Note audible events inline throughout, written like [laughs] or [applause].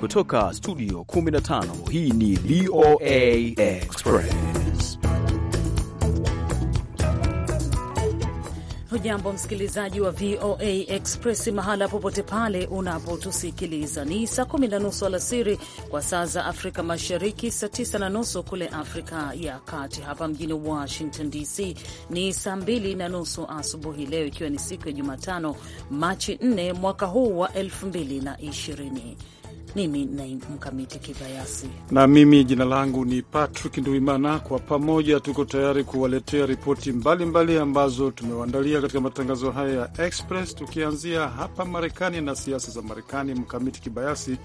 Kutoka studio 15 hii ni VOA Express. Hujambo msikilizaji wa VOA Express mahala popote pale unapotusikiliza. Ni saa kumi na nusu alasiri kwa saa za Afrika Mashariki, saa tisa na nusu kule Afrika ya Kati. Hapa mjini Washington DC ni saa mbili na nusu asubuhi, leo ikiwa ni siku ya Jumatano, Machi 4 mwaka huu wa elfu mbili na ishirini. Mimi ni Mkamiti Kibayasi na mimi jina langu ni Patrick Nduimana. Kwa pamoja tuko tayari kuwaletea ripoti mbalimbali ambazo tumewaandalia katika matangazo haya ya Express, tukianzia hapa Marekani na siasa za Marekani. Mkamiti Kibayasi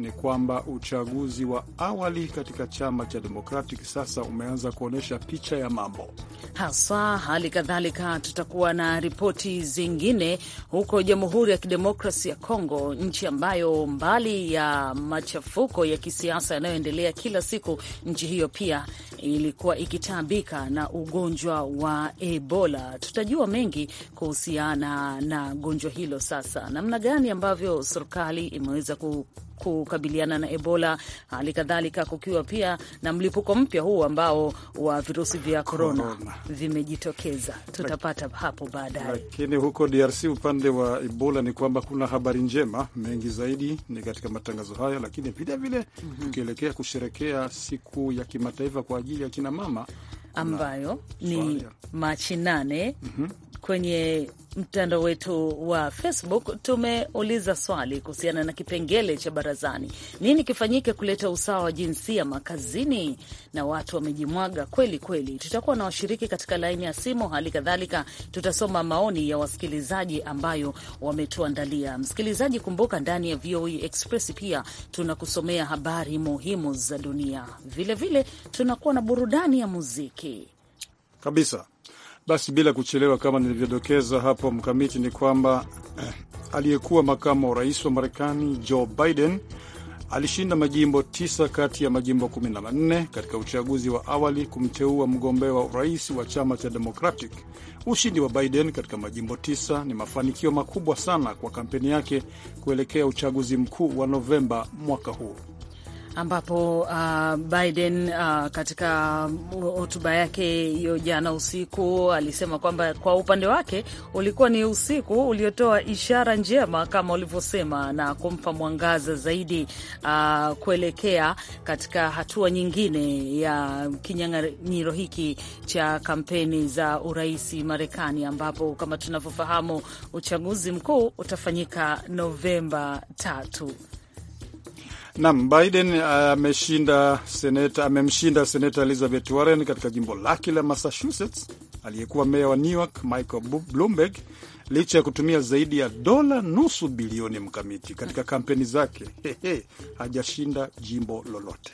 ni kwamba uchaguzi wa awali katika chama cha Democratic sasa umeanza kuonyesha picha ya mambo haswa. Hali kadhalika tutakuwa na ripoti zingine huko Jamhuri ya Kidemokrasi ya congo nchi ambayo mbali ya machafuko ya kisiasa yanayoendelea kila siku, nchi hiyo pia ilikuwa ikitaabika na ugonjwa wa Ebola. Tutajua mengi kuhusiana na gonjwa hilo, sasa namna gani ambavyo serikali imeweza ku kukabiliana na Ebola, hali kadhalika kukiwa pia na mlipuko mpya huu ambao wa virusi vya korona vimejitokeza. Tutapata hapo baadaye. Lakini huko DRC upande wa Ebola ni kwamba kuna habari njema, mengi zaidi ni katika matangazo haya, lakini vilevile mhm. tukielekea mm -hmm. kusherekea siku ya kimataifa kwa ajili ya kinamama ambayo na, ni Machi nane mm -hmm kwenye mtandao wetu wa Facebook tumeuliza swali kuhusiana na kipengele cha barazani, nini kifanyike kuleta usawa wa jinsia makazini, na watu wamejimwaga kweli kweli. Tutakuwa na washiriki katika laini ya simu, hali kadhalika tutasoma maoni ya wasikilizaji ambayo wametuandalia. Msikilizaji, kumbuka ndani ya VOA e Express pia tunakusomea habari muhimu za dunia, vilevile tunakuwa na burudani ya muziki kabisa basi bila kuchelewa, kama nilivyodokeza hapo mkamiti, ni kwamba eh, aliyekuwa makamu wa rais wa Marekani Joe Biden alishinda majimbo tisa kati ya majimbo 14 katika uchaguzi wa awali kumteua mgombea wa urais wa chama cha Democratic. Ushindi wa Biden katika majimbo tisa ni mafanikio makubwa sana kwa kampeni yake kuelekea uchaguzi mkuu wa Novemba mwaka huu ambapo uh, Biden uh, katika hotuba yake hiyo jana usiku alisema kwamba kwa upande wake ulikuwa ni usiku uliotoa ishara njema kama ulivyosema, na kumpa mwangaza zaidi uh, kuelekea katika hatua nyingine ya kinyang'anyiro hiki cha kampeni za uraisi Marekani, ambapo kama tunavyofahamu uchaguzi mkuu utafanyika Novemba tatu nam Biden eh, ameshinda seneta, amemshinda seneta Elizabeth Warren katika jimbo lake la Massachusetts. Aliyekuwa meya wa New York Michael Bloomberg licha ya kutumia zaidi ya dola nusu bilioni mkamiti katika kampeni zake, hehe, hajashinda jimbo lolote.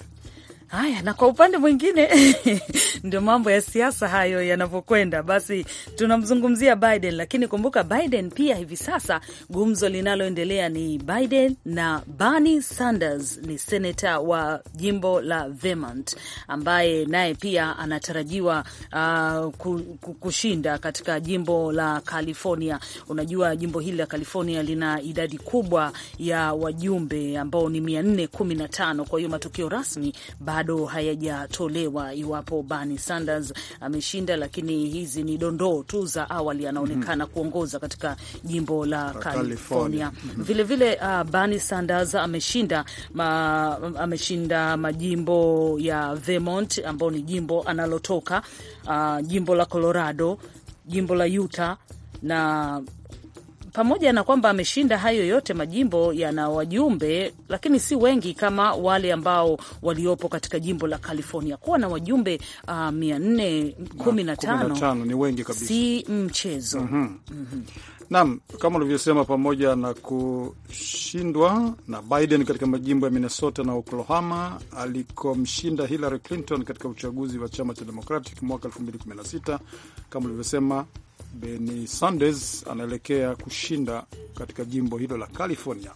Haya, na kwa upande mwingine [laughs] ndio mambo ya siasa hayo yanavyokwenda. Basi tunamzungumzia Biden, lakini kumbuka Biden pia hivi sasa gumzo linaloendelea ni Biden na Bernie Sanders, ni senata wa jimbo la Vermont ambaye naye pia anatarajiwa uh, kushinda katika jimbo la California. Unajua jimbo hili la California lina idadi kubwa ya wajumbe ambao ni 415 kwa hiyo matokeo rasmi Biden bado hayajatolewa iwapo Bernie Sanders ameshinda, lakini hizi ni dondoo tu za awali. Anaonekana mm -hmm. kuongoza katika jimbo la California vilevile. mm -hmm. uh, Bernie Sanders ameshinda ma, ameshinda majimbo ya Vermont ambao ni jimbo analotoka, uh, jimbo la Colorado, jimbo la Utah na pamoja na kwamba ameshinda hayo yote, majimbo yana wajumbe, lakini si wengi kama wale ambao waliopo katika jimbo la California. Kuwa na wajumbe uh, mia nne kumi na tano ni wengi kabisa, si mchezo. mm -hmm. Mm -hmm. Naam, kama ulivyosema, pamoja na kushindwa na Biden katika majimbo ya Minnesota na Oklahoma alikomshinda Hillary Clinton katika uchaguzi wa chama cha Democratic mwaka 2016 kama ulivyosema Bernie Sanders anaelekea kushinda katika jimbo hilo la California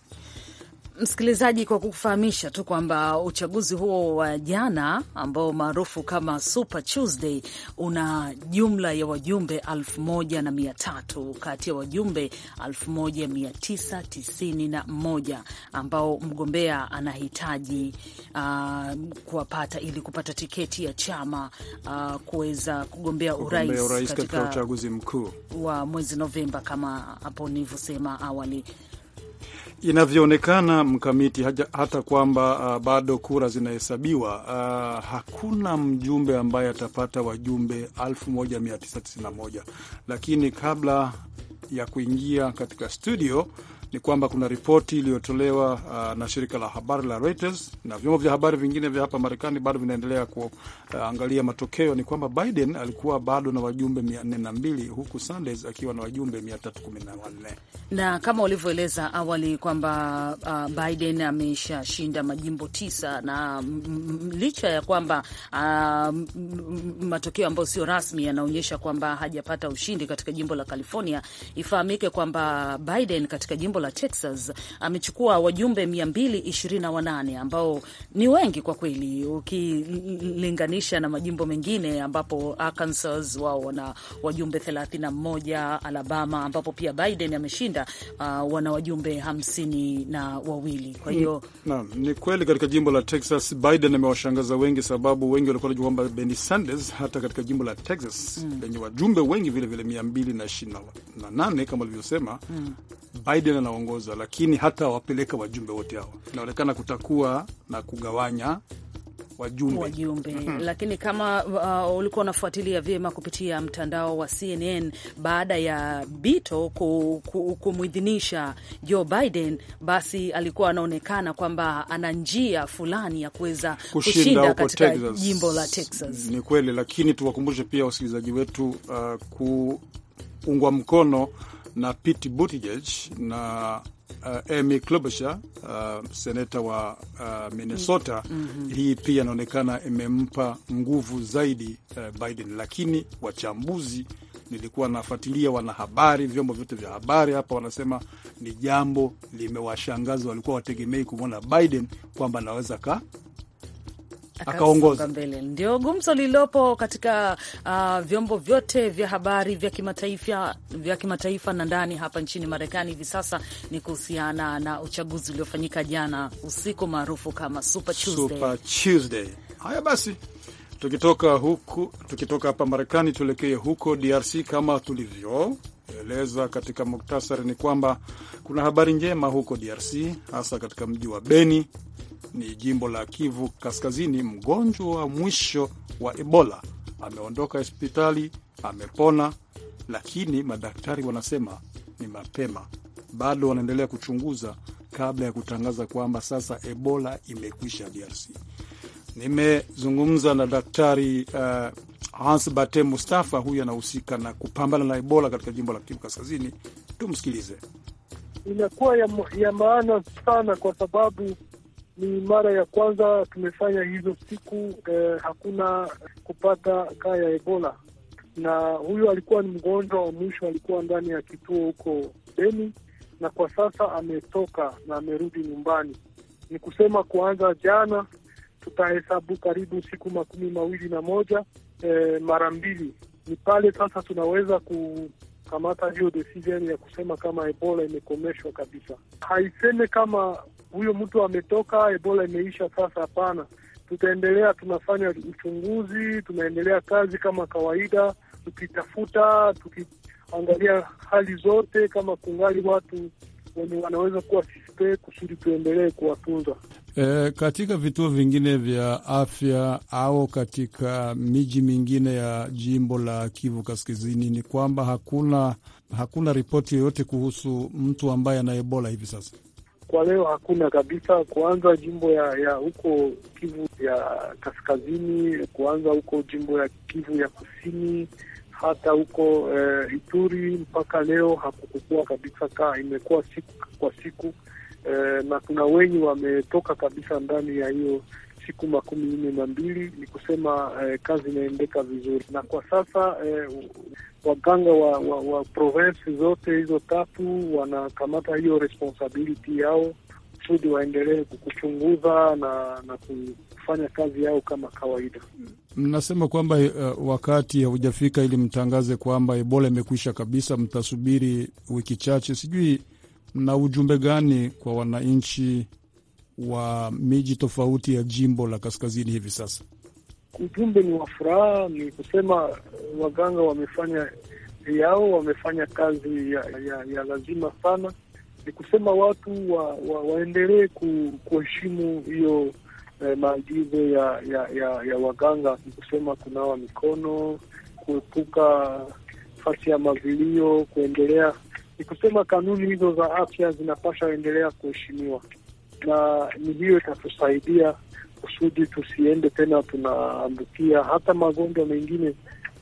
msikilizaji, kwa kukufahamisha tu kwamba uchaguzi huo wa jana ambao maarufu kama Super Tuesday una jumla ya wajumbe elfu na mia tatu kati ya wajumbe 1991 moja ambao mgombea anahitaji uh, kuwapata ili kupata tiketi ya chama uh, kuweza kugombea urais katika uchaguzi mkuu wa mwezi Novemba kama hapo nilivyosema awali inavyoonekana mkamiti haja, hata kwamba uh, bado kura zinahesabiwa uh, hakuna mjumbe ambaye atapata wajumbe 1991 lakini kabla ya kuingia katika studio ni kwamba kuna ripoti iliyotolewa uh, na shirika la habari la Reuters na vyombo vya habari vingine vya hapa Marekani bado vinaendelea kuangalia uh, matokeo. Ni kwamba Biden alikuwa bado na wajumbe 402 huku Sanders akiwa na wajumbe 314 na kama ulivyoeleza awali kwamba uh, Biden ameshashinda majimbo tisa na mm, mm, licha ya kwamba uh, matokeo ambayo sio rasmi yanaonyesha kwamba hajapata ushindi katika jimbo la California, ifahamike kwamba Biden katika jimbo jimbo la Texas amechukua wajumbe 228 ambao ni wengi kwa kweli ukilinganisha na majimbo mengine, ambapo Arkansas wao wana wajumbe 31, Alabama ambapo pia Biden ameshinda uh, wana wajumbe hamsini na wawili. Kwa hiyo naam, ni kweli katika jimbo la Texas Biden amewashangaza wengi, sababu wengi walikuwa wanajua kwamba Bernie Sanders hata katika jimbo la Texas mm. lenye mm. wajumbe wengi vilevile 228 kama ulivyosema mm. Biden ana wanaongoza, lakini hata wapeleka wajumbe wote hao, inaonekana kutakuwa na kugawanya wajumbe, wajumbe. Mhm. Lakini kama uh, ulikuwa unafuatilia vyema kupitia mtandao wa CNN, baada ya Bito kumwidhinisha Joe Biden, basi alikuwa anaonekana kwamba ana njia fulani ya kuweza kushinda, kushinda katika Texas, jimbo la Texas. Ni kweli, lakini tuwakumbushe pia wasikilizaji wetu uh, kuungwa mkono na Pete Buttigieg na uh, Amy Klobuchar uh, seneta wa uh, Minnesota mm -hmm. Hii pia inaonekana imempa nguvu zaidi uh, Biden, lakini wachambuzi nilikuwa nafuatilia wanahabari, vyombo vyote vya habari hapa, wanasema ni jambo limewashangaza, walikuwa wategemei kumwona Biden kwamba anaweza ka akaongoza mbele. Ndio gumzo lililopo katika uh, vyombo vyote vya habari vya kimataifa vya kimataifa na ndani hapa nchini Marekani hivi sasa ni kuhusiana na uchaguzi uliofanyika jana usiku maarufu kama Super Tuesday. Super Tuesday. Haya basi, tukitoka huku tukitoka hapa Marekani tuelekee huko DRC kama tulivyo eleza katika muktasari ni kwamba kuna habari njema huko DRC, hasa katika mji wa Beni ni jimbo la Kivu Kaskazini. Mgonjwa wa mwisho wa Ebola ameondoka hospitali, amepona, lakini madaktari wanasema ni mapema, bado wanaendelea kuchunguza kabla ya kutangaza kwamba sasa Ebola imekwisha DRC. Nimezungumza na daktari uh, Hans Bate Mustafa, huyu anahusika na kupambana na Ebola katika jimbo la Kivu Kaskazini. Tumsikilize. Inakuwa ya, ya maana sana kwa sababu ni mara ya kwanza tumefanya hizo siku eh, hakuna kupata kaa ya Ebola, na huyu alikuwa ni mgonjwa wa mwisho, alikuwa ndani ya kituo huko Beni, na kwa sasa ametoka na amerudi nyumbani. Ni kusema kuanza jana tutahesabu karibu siku makumi mawili na moja eh, mara mbili. Ni pale sasa tunaweza ku kamata hiyo decision ya kusema kama Ebola imekomeshwa kabisa. Haiseme kama huyo mtu ametoka, Ebola imeisha sasa? Hapana, tutaendelea, tunafanya uchunguzi, tunaendelea kazi kama kawaida, tukitafuta, tukiangalia hali zote, kama kungali watu wenye wanaweza kuwa sispe, kusudi tuendelee kuwatunza. E, katika vituo vingine vya afya au katika miji mingine ya jimbo la Kivu Kaskazini ni kwamba hakuna hakuna ripoti yoyote kuhusu mtu ambaye ana Ebola hivi sasa kwa leo hakuna kabisa. Kuanza jimbo ya ya huko Kivu ya kaskazini, kuanza huko jimbo ya Kivu ya kusini, hata huko eh, Ituri, mpaka leo hakukukua kabisa, kaa imekuwa siku kwa siku Eh, na kuna wenye wametoka kabisa ndani ya hiyo siku makumi nne na mbili. Ni kusema eh, kazi inaendeka vizuri, na kwa sasa eh, waganga wa, wa, wa provinsi zote hizo tatu wanakamata hiyo responsibility yao kusudi waendelee kuchunguza na, na kufanya kazi yao kama kawaida. Mnasema kwamba uh, wakati haujafika ili mtangaze kwamba Ebola imekwisha kabisa, mtasubiri wiki chache, sijui na ujumbe gani kwa wananchi wa miji tofauti ya jimbo la kaskazini hivi sasa? Ujumbe ni wa furaha, ni kusema eh, waganga wamefanya yao, wamefanya kazi ya, ya, ya lazima sana. Ni kusema watu wa, wa, waendelee kuheshimu hiyo eh, maagizo ya, ya, ya, ya waganga. Ni kusema kunawa mikono, kuepuka fasi ya mavilio, kuendelea ni kusema kanuni hizo za afya zinapasha endelea kuheshimiwa, na ni hiyo itatusaidia kusudi tusiende tena tunaambukia hata magonjwa mengine eh,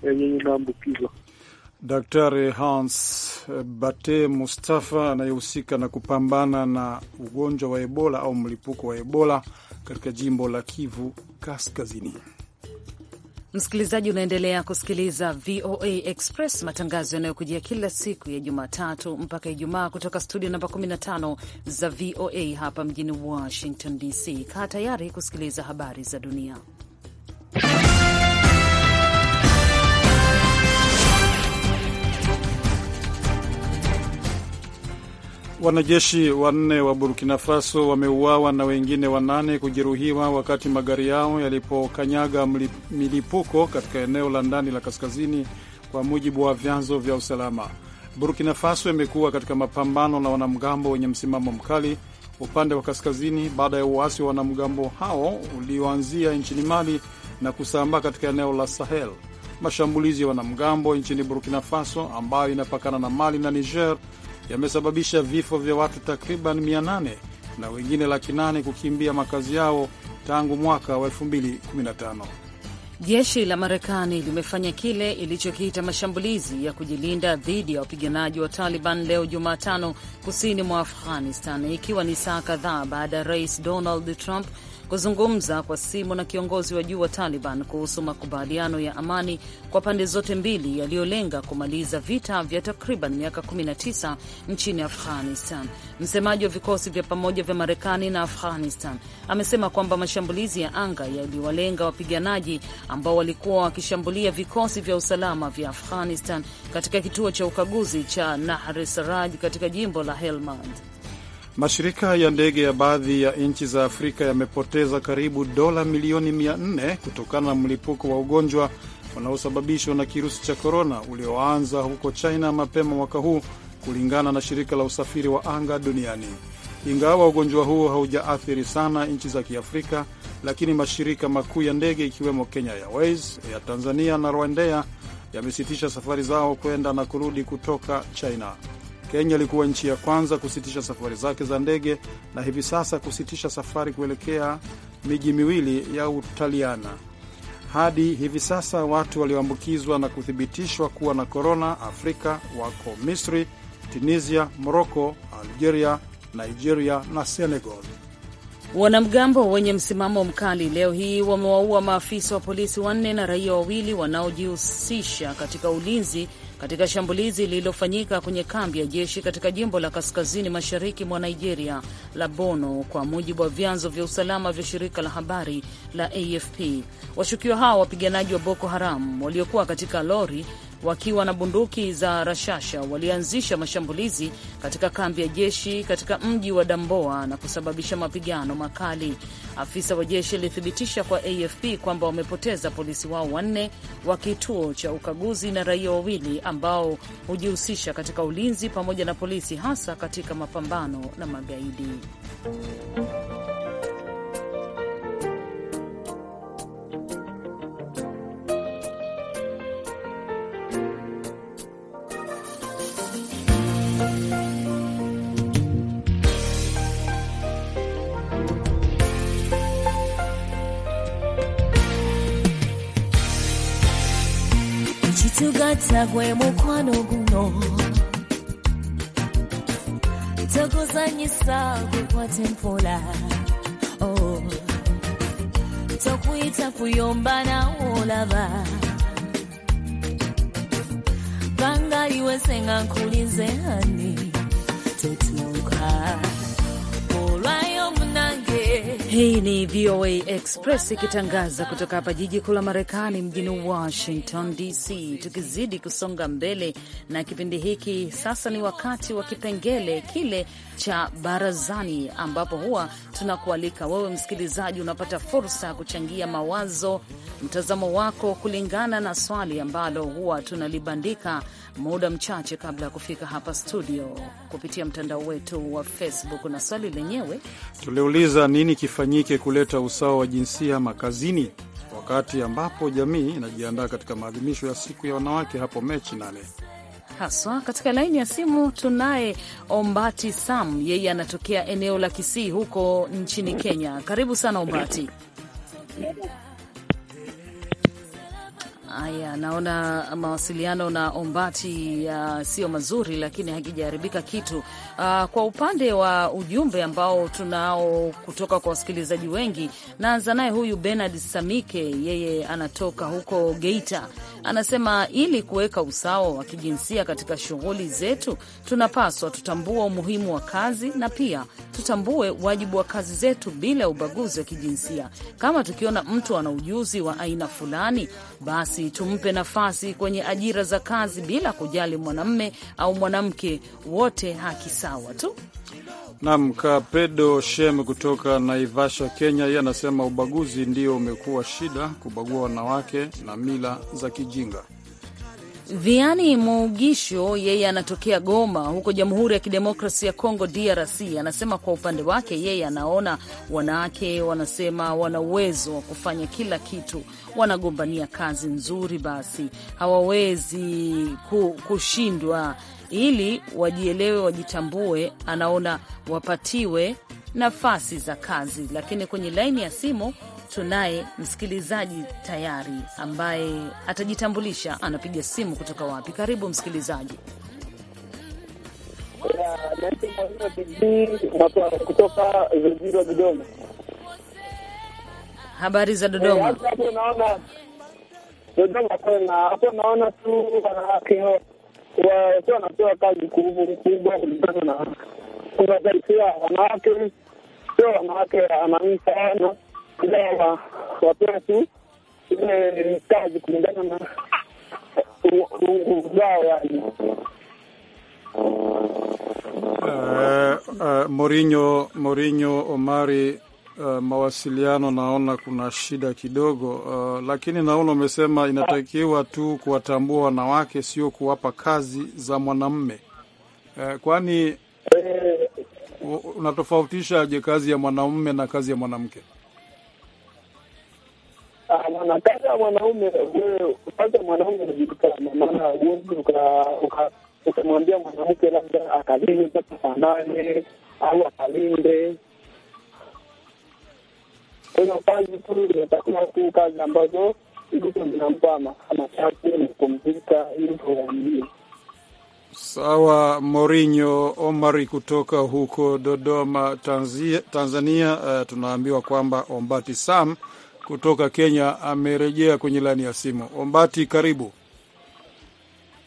yenye inaambukizwa. Daktari Hans Bate Mustafa anayehusika na kupambana na ugonjwa wa Ebola au mlipuko wa Ebola katika jimbo la Kivu Kaskazini. Msikilizaji, unaendelea kusikiliza VOA Express, matangazo yanayokujia kila siku ya Jumatatu mpaka Ijumaa kutoka studio namba 15 za VOA hapa mjini Washington DC. Kaa tayari kusikiliza habari za dunia. Wanajeshi wanne wa Burkina Faso wameuawa na wengine wanane kujeruhiwa wakati magari yao yalipokanyaga milipuko katika eneo la ndani la kaskazini, kwa mujibu wa vyanzo vya usalama. Burkina Faso imekuwa katika mapambano na wanamgambo wenye msimamo mkali upande wa kaskazini baada ya uasi wa wanamgambo hao ulioanzia nchini Mali na kusambaa katika eneo la Sahel. Mashambulizi ya wanamgambo nchini Burkina Faso ambayo inapakana na Mali na Niger yamesababisha vifo vya watu takriban 800 na wengine laki 8 kukimbia makazi yao tangu mwaka wa 2015. Jeshi la Marekani limefanya kile ilichokiita mashambulizi ya kujilinda dhidi ya wapiganaji wa Taliban leo Jumatano kusini mwa Afghanistan, ikiwa ni saa kadhaa baada ya Rais Donald Trump kuzungumza kwa simu na kiongozi wa juu wa Taliban kuhusu makubaliano ya amani kwa pande zote mbili yaliyolenga kumaliza vita vya takriban miaka 19 nchini Afghanistan. Msemaji wa vikosi vya pamoja vya Marekani na Afghanistan amesema kwamba mashambulizi ya anga yaliwalenga wapiganaji ambao walikuwa wakishambulia vikosi vya usalama vya Afghanistan katika kituo cha ukaguzi cha Nahri Saraj katika jimbo la Helmand. Mashirika ya ndege ya baadhi ya nchi za Afrika yamepoteza karibu dola milioni 400 kutokana na mlipuko wa ugonjwa unaosababishwa na kirusi cha korona ulioanza huko China mapema mwaka huu, kulingana na shirika la usafiri wa anga duniani. Ingawa ugonjwa huo haujaathiri sana nchi za Kiafrika, lakini mashirika makuu ya ndege ikiwemo Kenya Airways, ya Tanzania na Rwandea yamesitisha safari zao kwenda na kurudi kutoka China. Kenya ilikuwa nchi ya kwanza kusitisha safari zake za ndege na hivi sasa kusitisha safari kuelekea miji miwili ya Utaliana. Hadi hivi sasa watu walioambukizwa na kuthibitishwa kuwa na korona Afrika wako Misri, Tunisia, Moroko, Algeria, Nigeria na Senegal. Wanamgambo wenye msimamo mkali leo hii wamewaua maafisa wa polisi wanne na raia wawili wanaojihusisha katika ulinzi katika shambulizi lililofanyika kwenye kambi ya jeshi katika jimbo la kaskazini mashariki mwa Nigeria la bono kwa mujibu wa vyanzo vya usalama vya shirika la habari la AFP. Washukiwa hao wapiganaji wa Boko Haram waliokuwa katika lori wakiwa na bunduki za rashasha walianzisha mashambulizi katika kambi ya jeshi katika mji wa Damboa na kusababisha mapigano makali. Afisa wa jeshi alithibitisha kwa AFP kwamba wamepoteza polisi wao wanne wa kituo cha ukaguzi na raia wawili ambao hujihusisha katika ulinzi pamoja na polisi, hasa katika mapambano na magaidi. Eta gwe mukwano guno tokuzanyisa kukwata tempola. oh. tokuyita kuyomba olava, banga liwese nga nkulize ani totuuka Hii ni VOA Express ikitangaza kutoka hapa jiji kuu la Marekani, mjini Washington DC. Tukizidi kusonga mbele na kipindi hiki, sasa ni wakati wa kipengele kile cha Barazani, ambapo huwa tunakualika wewe msikilizaji, unapata fursa ya kuchangia mawazo, mtazamo wako kulingana na swali ambalo huwa tunalibandika muda mchache kabla ya kufika hapa studio kupitia mtandao wetu wa Facebook, na swali lenyewe tuliuliza nini kifanyike ifanyike kuleta usawa wa jinsia makazini, wakati ambapo jamii inajiandaa katika maadhimisho ya siku ya wanawake hapo Mechi nane haswa. Katika laini ya simu tunaye Ombati Sam, yeye anatokea eneo la Kisii huko nchini Kenya. Karibu sana Ombati. Haya, naona mawasiliano na Ombati uh, sio mazuri, lakini hakijaharibika kitu. Uh, kwa upande wa ujumbe ambao tunao kutoka kwa wasikilizaji wengi, naanza naye huyu Bernard Samike, yeye anatoka huko Geita, anasema ili kuweka usawa wa kijinsia katika shughuli zetu, tunapaswa tutambue umuhimu wa kazi na pia tutambue wajibu wa kazi zetu bila ubaguzi wa kijinsia. Kama tukiona mtu ana ujuzi wa aina fulani, basi tumpe nafasi kwenye ajira za kazi bila kujali mwanamme au mwanamke, wote haki sawa tu. Nam Kapedo Shem kutoka Naivasha, Kenya, yeye anasema ubaguzi ndio umekuwa shida, kubagua wanawake na mila za kijinga. Viani Mugisho yeye anatokea Goma huko Jamhuri ya Kidemokrasi ya Kongo, DRC. Anasema kwa upande wake yeye anaona wanawake wanasema wana uwezo wa kufanya kila kitu, wanagombania kazi nzuri, basi hawawezi kushindwa, ili wajielewe, wajitambue. Anaona wapatiwe nafasi za kazi, lakini kwenye laini ya simu tunaye msikilizaji tayari ambaye atajitambulisha anapiga simu kutoka wapi. Karibu msikilizaji. Kutoka Zajira, Dodoma. Habari za Dodoma? Eh, Dodoma tena hapo, naona tu wanawake wakiwa wanapewa kazi kubwa kulingana na unazaikia wanawake, sio wanawake amani sana ila wapewa tu ile kazi kulingana na nguvu zao yani. Eh, eh, Omari, uh, mawasiliano naona kuna shida kidogo uh, lakini naona umesema inatakiwa tu kuwatambua wanawake, sio kuwapa kazi za mwanamme uh, kwani unatofautishaje kazi ya mwanamme na kazi ya mwanamke? wanataka mwanaume sasa, mwanaume anajulikana, maana ukamwambia mwanamke labda akalinde mpaka saa nane au akalinde. kwenye kazi tu inatakiwa tu kazi ambazo ilivyo zinampa machache na kupumzika kuwaambia Sawa, Morinho Omari kutoka huko Dodoma, Tanzania. Uh, tunaambiwa kwamba Ombati Sam kutoka Kenya amerejea kwenye laini ya simu. Ombati, karibu.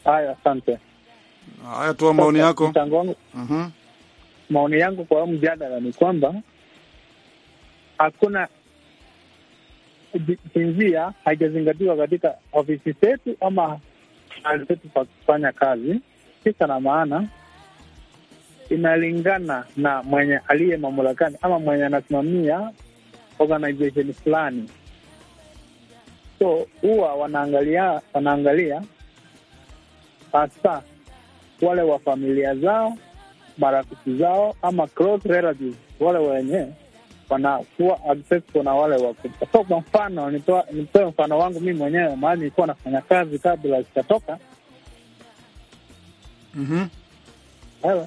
Haya, asante. Haya, toa maoni yako. mm Maoni yangu kwa mjadala ni kwamba hakuna jinsia haijazingatiwa katika ofisi zetu ama hali zetu pa kufanya kazi. Kisa na maana inalingana na mwenye aliye mamlakani ama mwenye anasimamia organization fulani, so huwa wanaangalia wanaangalia hasa wale wa familia zao, marafiki zao, ama close relatives, wale wenye wanakuwa accessible na wale wakubwa. So kwa mfano, nitoe mfano wangu mii mwenyewe, mahali nilikuwa nafanya kazi kabla sijatoka mm -hmm.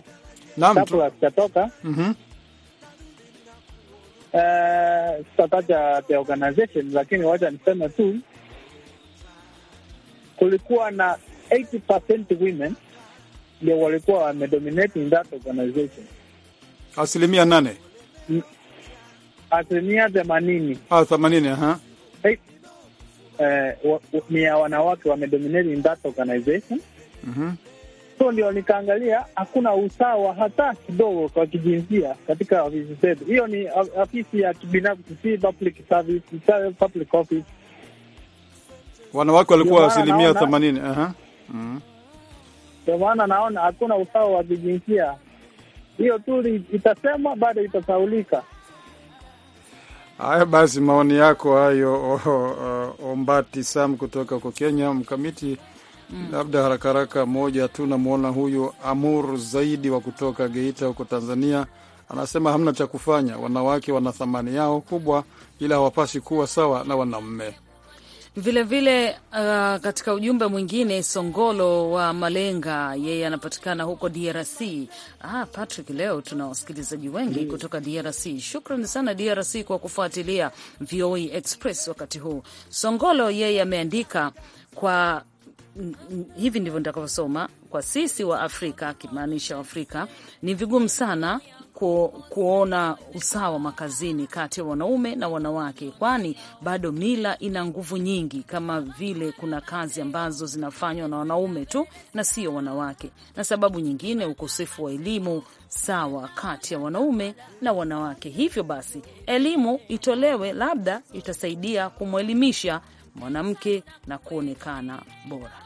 Kabla sijatoka mm -hmm uh, the organization, lakini wacha niseme tu kulikuwa na 80% women ndio walikuwa wamedominating that organization, asilimia nane, mm. asilimia themanini, ah, themanini aha eh, ni ya wanawake wamedominating that organization. mm so ndio nikaangalia hakuna usawa hata kidogo kwa kijinsia katika ofisi zetu. Hiyo ni ofisi ya kibinafsi, si public service, public office. Wanawake walikuwa asilimia themanini. Mm. Ndio maana naona hakuna usawa wa kijinsia. Hiyo tu itasema bado itasaulika. Haya basi, maoni yako hayo, oh, oh, oh, Ombati Sam kutoka huko Kenya. Mkamiti mm. Labda haraka haraka moja tu, namwona huyu Amur Zaidi wa kutoka Geita huko Tanzania, anasema hamna cha kufanya, wanawake wana thamani yao kubwa, ila hawapasi kuwa sawa na wanamme. Vilevile uh, katika ujumbe mwingine Songolo wa Malenga, yeye anapatikana huko DRC. Ah, Patrick, leo tuna wasikilizaji wengi mm. kutoka DRC. Shukrani sana DRC kwa kufuatilia VOA e Express wakati huu. Songolo yeye ameandika kwa hivi ndivyo nitakavyosoma kwa sisi wa Afrika, akimaanisha Waafrika, ni vigumu sana ku, kuona usawa makazini kati ya wanaume na wanawake, kwani bado mila ina nguvu nyingi, kama vile kuna kazi ambazo zinafanywa na wanaume tu na sio wanawake, na sababu nyingine ukosefu wa elimu sawa kati ya wanaume na wanawake. Hivyo basi elimu itolewe, labda itasaidia kumwelimisha mwanamke na kuonekana bora.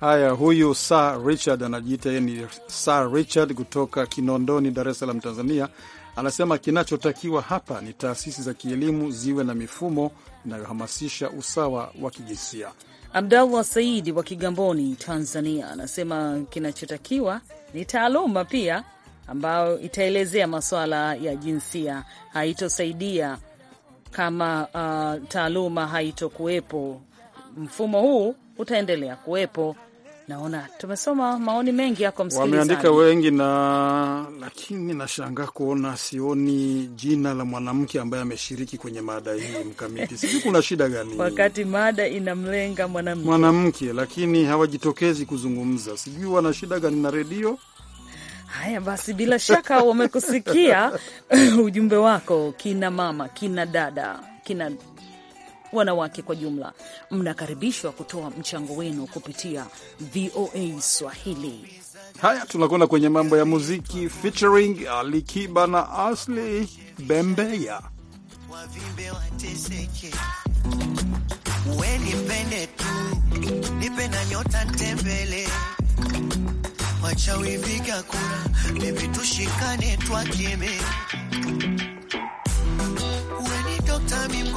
Haya, huyu Sir Richard anajiita yeye ni Sir Richard kutoka Kinondoni, Dar es Salaam, Tanzania. Anasema kinachotakiwa hapa ni taasisi za kielimu ziwe na mifumo inayohamasisha usawa wa kijinsia. Abdallah Saidi wa Kigamboni, Tanzania, anasema kinachotakiwa ni taaluma pia ambayo itaelezea masuala ya jinsia. Haitosaidia kama uh, taaluma haitokuwepo. Mfumo huu utaendelea kuwepo Naona tumesoma maoni mengi yako msikilizaji, wameandika wengi na lakini nashangaa kuona sioni jina la mwanamke ambaye ameshiriki kwenye mada hii mkamiti. Sijui kuna shida gani wakati mada inamlenga mwanamke mwanamke, lakini hawajitokezi kuzungumza. Sijui wana shida gani na redio. Haya basi, bila shaka wamekusikia [laughs] ujumbe wako, kina mama, kina dada, kina wanawake kwa jumla, mnakaribishwa kutoa mchango wenu kupitia VOA Swahili. Haya, tunakwenda kwenye mambo ya muziki featuring Alikiba na Asli Bembeya. Wavimbe wateseke, we nipende tu, nipe na nyota kura, tushikane twakeme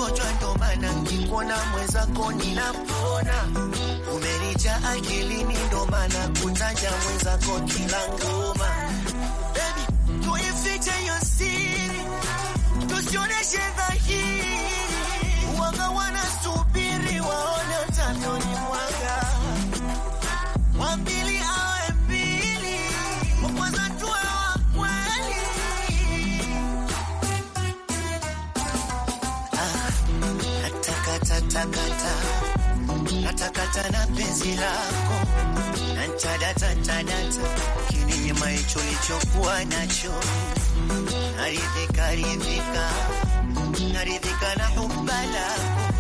mgonjwa, ndo maana nikikuona mwenzako ninapona. Umenija akilini, ndo maana kutaja mwenzako kila ngoma. Baby, tuifiche hiyo siri, tusioneshe dhahiri katakata na penzi lako na ntadatatanata ukininyima hicho lichokuwa nacho, naridhika ridhika, naridhika na huba lako,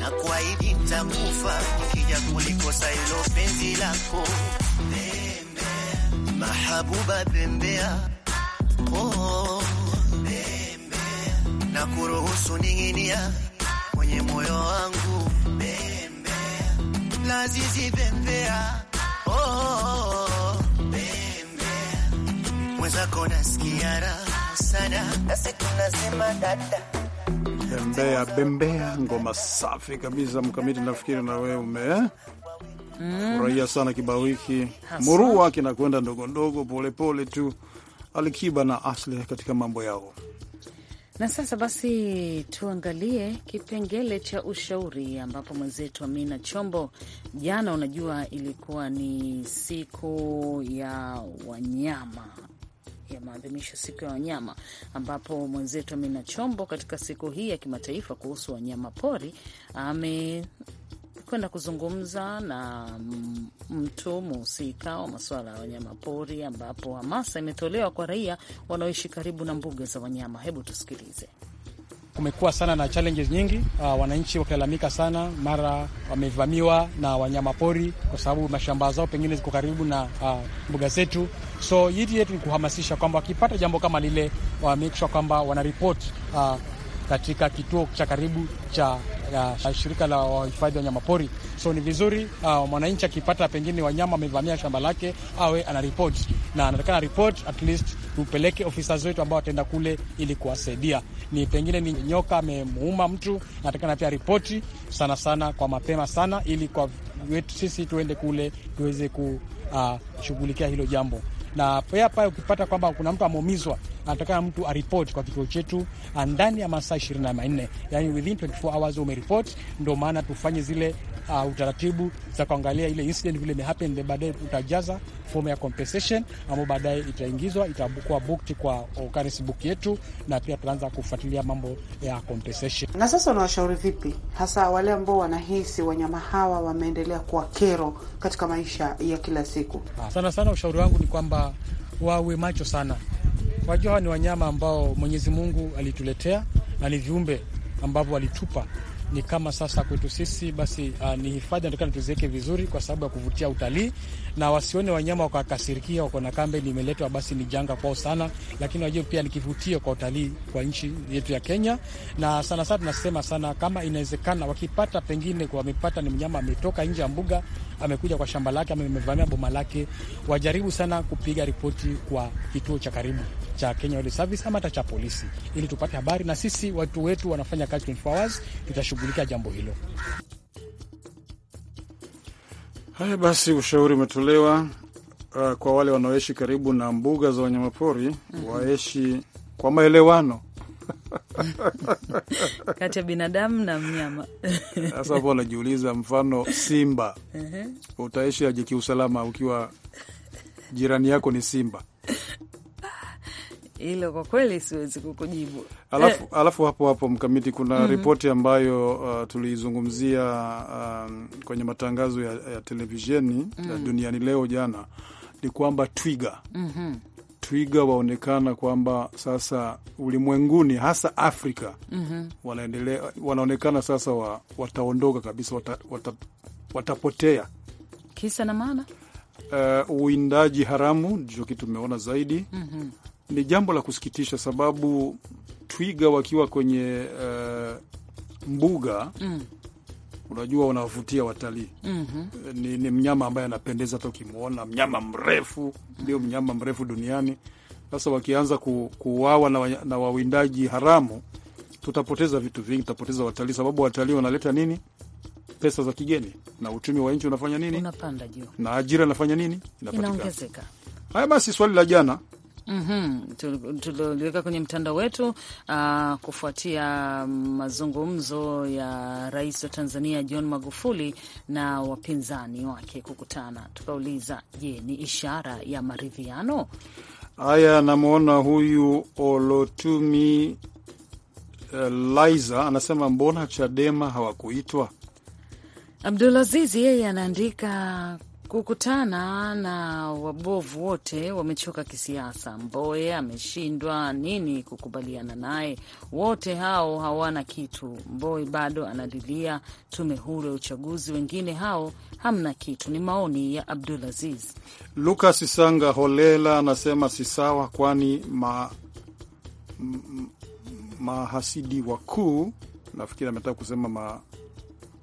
na kuahidi ntakufa nikija kulikosa hilo penzi lako. Bembea mahabuba, bembea oh, bembea na kuruhusu ning'inia kwenye moyo wangu na zizi pembea, oh, oh, oh. mwenzako nasikia raha sana, nasi tunasema dada bembea bembea, ngoma safi kabisa. Mkamiti, nafikiri na wewe ume eh? mm. furahia mm. sana kibao hiki murua kinakwenda ndogondogo polepole tu. Alikiba na asle katika mambo yao na sasa basi tuangalie kipengele cha ushauri, ambapo mwenzetu Amina Chombo, jana, unajua ilikuwa ni siku ya wanyama ya maadhimisho siku ya wanyama, ambapo mwenzetu Amina Chombo katika siku hii ya kimataifa kuhusu wanyama pori ame kwenda kuzungumza na mtu muhusika wa masuala ya wanyama pori, ambapo hamasa imetolewa kwa raia wanaoishi karibu na mbuga za wanyama. Hebu tusikilize. Kumekuwa sana na challenges nyingi, uh, wananchi wakilalamika sana, mara wamevamiwa na wanyama pori kwa sababu mashamba zao pengine ziko karibu na uh, mbuga zetu. So hili yetu ni kuhamasisha kwamba wakipata jambo kama lile wamekisha kwamba wanaripoti uh, ah, katika kituo cha karibu cha ya shirika la wahifadhi wa wanyamapori. So ni vizuri uh, mwananchi akipata pengine wanyama wamevamia shamba lake awe ana ripoti na anatakana ripoti at least tupeleke ofisa wetu ambao wataenda kule ili kuwasaidia. Ni pengine ni nyoka amemuuma mtu, anatakana pia ripoti sana sana kwa mapema sana, ili kwa wetu sisi tuende kule tuweze kushughulikia uh, hilo jambo, na pia pale ukipata kwamba kuna mtu ameumizwa nataka mtu aripoti kwa kituo chetu ah, ndani ya masaa ishirini na manne yani within 24 hours umeripoti, ndo maana tufanye zile uh, utaratibu za kuangalia ile incident vile imehappen, then baadaye utajaza fomu ya compensation ambayo baadaye itaingizwa itakuwa booked kwa currency book yetu, na pia tutaanza kufuatilia mambo ya compensation. Na sasa unawashauri vipi hasa wale ambao wanahisi wanyama hawa wameendelea kuwa kero katika maisha ya kila siku? Ah, sana sana ushauri wangu ni kwamba wawe macho sana Wajua, hawa ni wanyama ambao Mwenyezi Mungu alituletea na ni viumbe ambavyo walitupa ni kama sasa kwetu sisi basi, uh, ni hifadhi natokana tuziweke vizuri kwa sababu ya kuvutia utalii, na wasione wanyama wakakasirikia, na kambe limeletwa basi ni janga kwao sana, lakini wajue pia ni kivutio kwa utalii kwa nchi yetu ya Kenya. Na sana sana tunasema sana kama inawezekana, wakipata pengine wamepata ni mnyama ametoka nje ya mbuga, amekuja kwa shamba lake ama amevamia boma lake, wajaribu sana kupiga ripoti kwa kituo cha karibu cha Kenya Wildlife Service ama hata cha polisi, ili tupate habari, na sisi watu wetu wanafanya kazi 24 hours, tutashughulikia jambo hilo. Haya basi, ushauri umetolewa uh, kwa wale wanaoishi karibu na mbuga za wanyamapori mm -hmm. waishi kwa maelewano [laughs] kati ya binadamu na mnyama. [laughs] Sasa hapo wanajiuliza, mfano simba, utaishi aje kiusalama ukiwa jirani yako ni simba? Hilo kwa kweli siwezi kukujibu. Alafu, eh, alafu hapo hapo mkamiti kuna mm -hmm. ripoti ambayo uh, tuliizungumzia uh, kwenye matangazo ya, ya televisheni mm -hmm. duniani leo jana ni kwamba twiga mm -hmm. twiga waonekana kwamba sasa ulimwenguni hasa Afrika mm -hmm. wanaendelea wanaonekana sasa wa, wataondoka kabisa wata, wata, watapotea kisa na maana uh, uwindaji haramu ndicho kitu tumeona zaidi mm -hmm ni jambo la kusikitisha, sababu twiga wakiwa kwenye uh, mbuga mm. Unajua, unawavutia watalii mm -hmm. Ni, ni mnyama ambaye anapendeza hata ukimwona, mnyama mrefu ndio mm -hmm. mnyama mrefu duniani. Sasa wakianza ku, kuuawa na, na wawindaji haramu, tutapoteza vitu vingi, tutapoteza watalii, sababu watalii wanaleta nini? Pesa za kigeni, na uchumi wa nchi unafanya nini? Unapanda juu, na ajira inafanya nini? Inapatikana. Haya basi, swali la jana Mm -hmm. Tuliweka kwenye mtandao wetu uh, kufuatia mazungumzo ya rais wa Tanzania John Magufuli na wapinzani wake kukutana, tukauliza, je, ni ishara ya maridhiano? Haya, namwona huyu Olotumi uh, eh, Liza anasema mbona Chadema hawakuitwa? Abdulaziz yeye anaandika kukutana na wabovu wote wamechoka kisiasa. Mboe ameshindwa nini kukubaliana naye, wote hao hawana kitu. Mboe bado analilia tume huru ya uchaguzi, wengine hao hamna kitu. Ni maoni ya Abdulaziz Lukas Isanga Holela, anasema si sawa, kwani ma, mahasidi wakuu, nafikiri ametaka kusema ma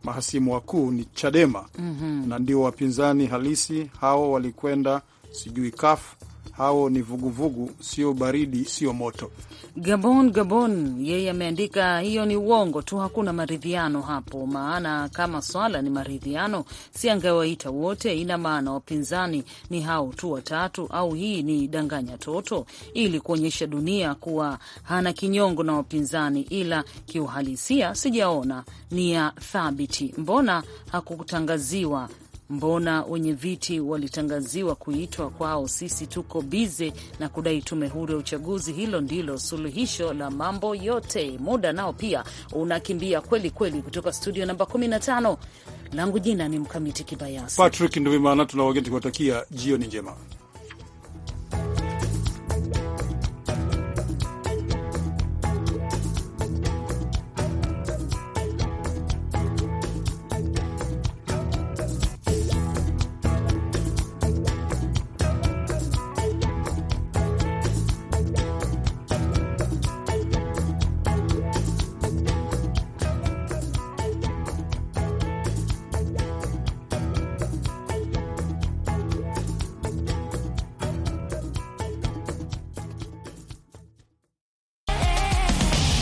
mahasimu wakuu ni Chadema mm -hmm. na ndio wapinzani halisi hao, walikwenda sijui kafu hao ni vuguvugu, sio baridi, sio moto. Gabon Gabon yeye ameandika hiyo ni uongo tu, hakuna maridhiano hapo, maana kama swala ni maridhiano, si angewaita wote? Ina maana wapinzani ni hao tu watatu, au hii ni danganya toto ili kuonyesha dunia kuwa hana kinyongo na wapinzani, ila kiuhalisia sijaona ni ya thabiti. Mbona hakutangaziwa Mbona wenye viti walitangaziwa kuitwa kwao? Sisi tuko bize na kudai tume huru ya uchaguzi. Hilo ndilo suluhisho la mambo yote. Muda nao pia unakimbia kweli kweli. Kutoka studio namba 15 langu jina ni Mkamiti Kibayasi, Patrick Ndwimana. Tuna wageni kuwatakia jioni njema.